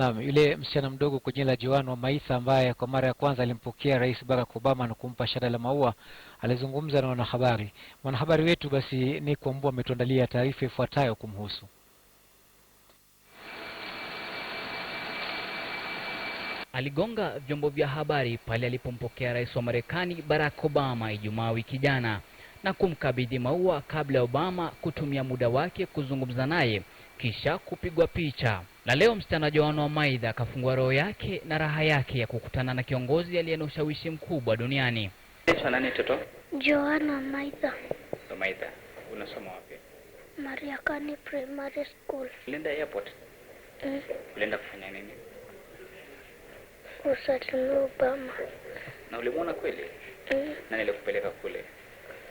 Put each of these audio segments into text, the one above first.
Naam, yule msichana mdogo kwa jina la Joan maitha ambaye kwa mara ya kwanza alimpokea Rais Barack Obama na kumpa shada la maua alizungumza na wanahabari. Mwanahabari wetu basi ni kuambua ametuandalia taarifa ifuatayo kumhusu. Aligonga vyombo vya habari pale alipompokea Rais wa Marekani Barack Obama Ijumaa wiki jana na kumkabidhi maua kabla ya Obama kutumia muda wake kuzungumza naye kisha kupigwa picha. Na leo msichana Joan wamaidha akafungua roho yake na raha yake ya kukutana na kiongozi aliye na ushawishi mkubwa duniani. nani toto? Joan unasoma wapi? Mariakani Primary School. airport? Mm. Ulienda kufanya nini? Kusalimia Obama. Na ulimwona kweli? Mm. Nani alikupeleka kule?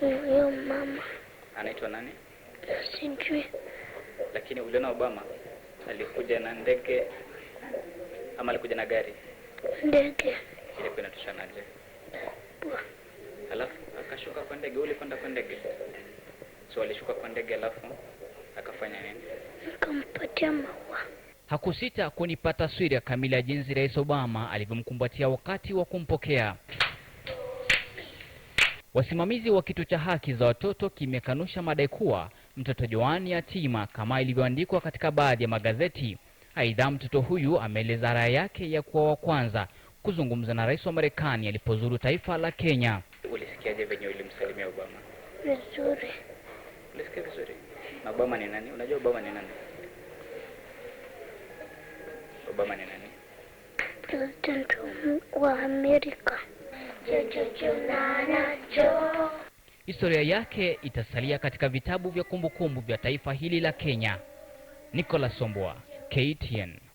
Mm, huyo mama. Anaitwa nani? Sijui. Lakini uliona Obama? Alikuja na ndege ama alikuja na gari? Ndege. Ilikuwa inatoshanaje? Alafu akashuka kwa ndege, ulikwenda kwa ndege? So alishuka kwa ndege alafu akafanya nini? Akampatia maua. Hakusita kunipa taswira kamili ya jinsi Rais Obama alivyomkumbatia wakati wa kumpokea. Wasimamizi wa kituo cha haki za watoto kimekanusha madai kuwa mtoto Joani yatima kama ilivyoandikwa katika baadhi ya magazeti. Aidha, mtoto huyu ameeleza raha yake ya kuwa wa kwanza kuzungumza na rais wa Marekani alipozuru taifa la Kenya. Ulisikiaje venye ulimsalimia Obama? Vizuri. Ulisikia vizuri? Na Obama ni nani? Unajua Obama ni nani? Obama ni nani? President wa Amerika. Chochocho jo historia yake itasalia katika vitabu vya kumbukumbu vya taifa hili la Kenya. Nicholas somboa KTN.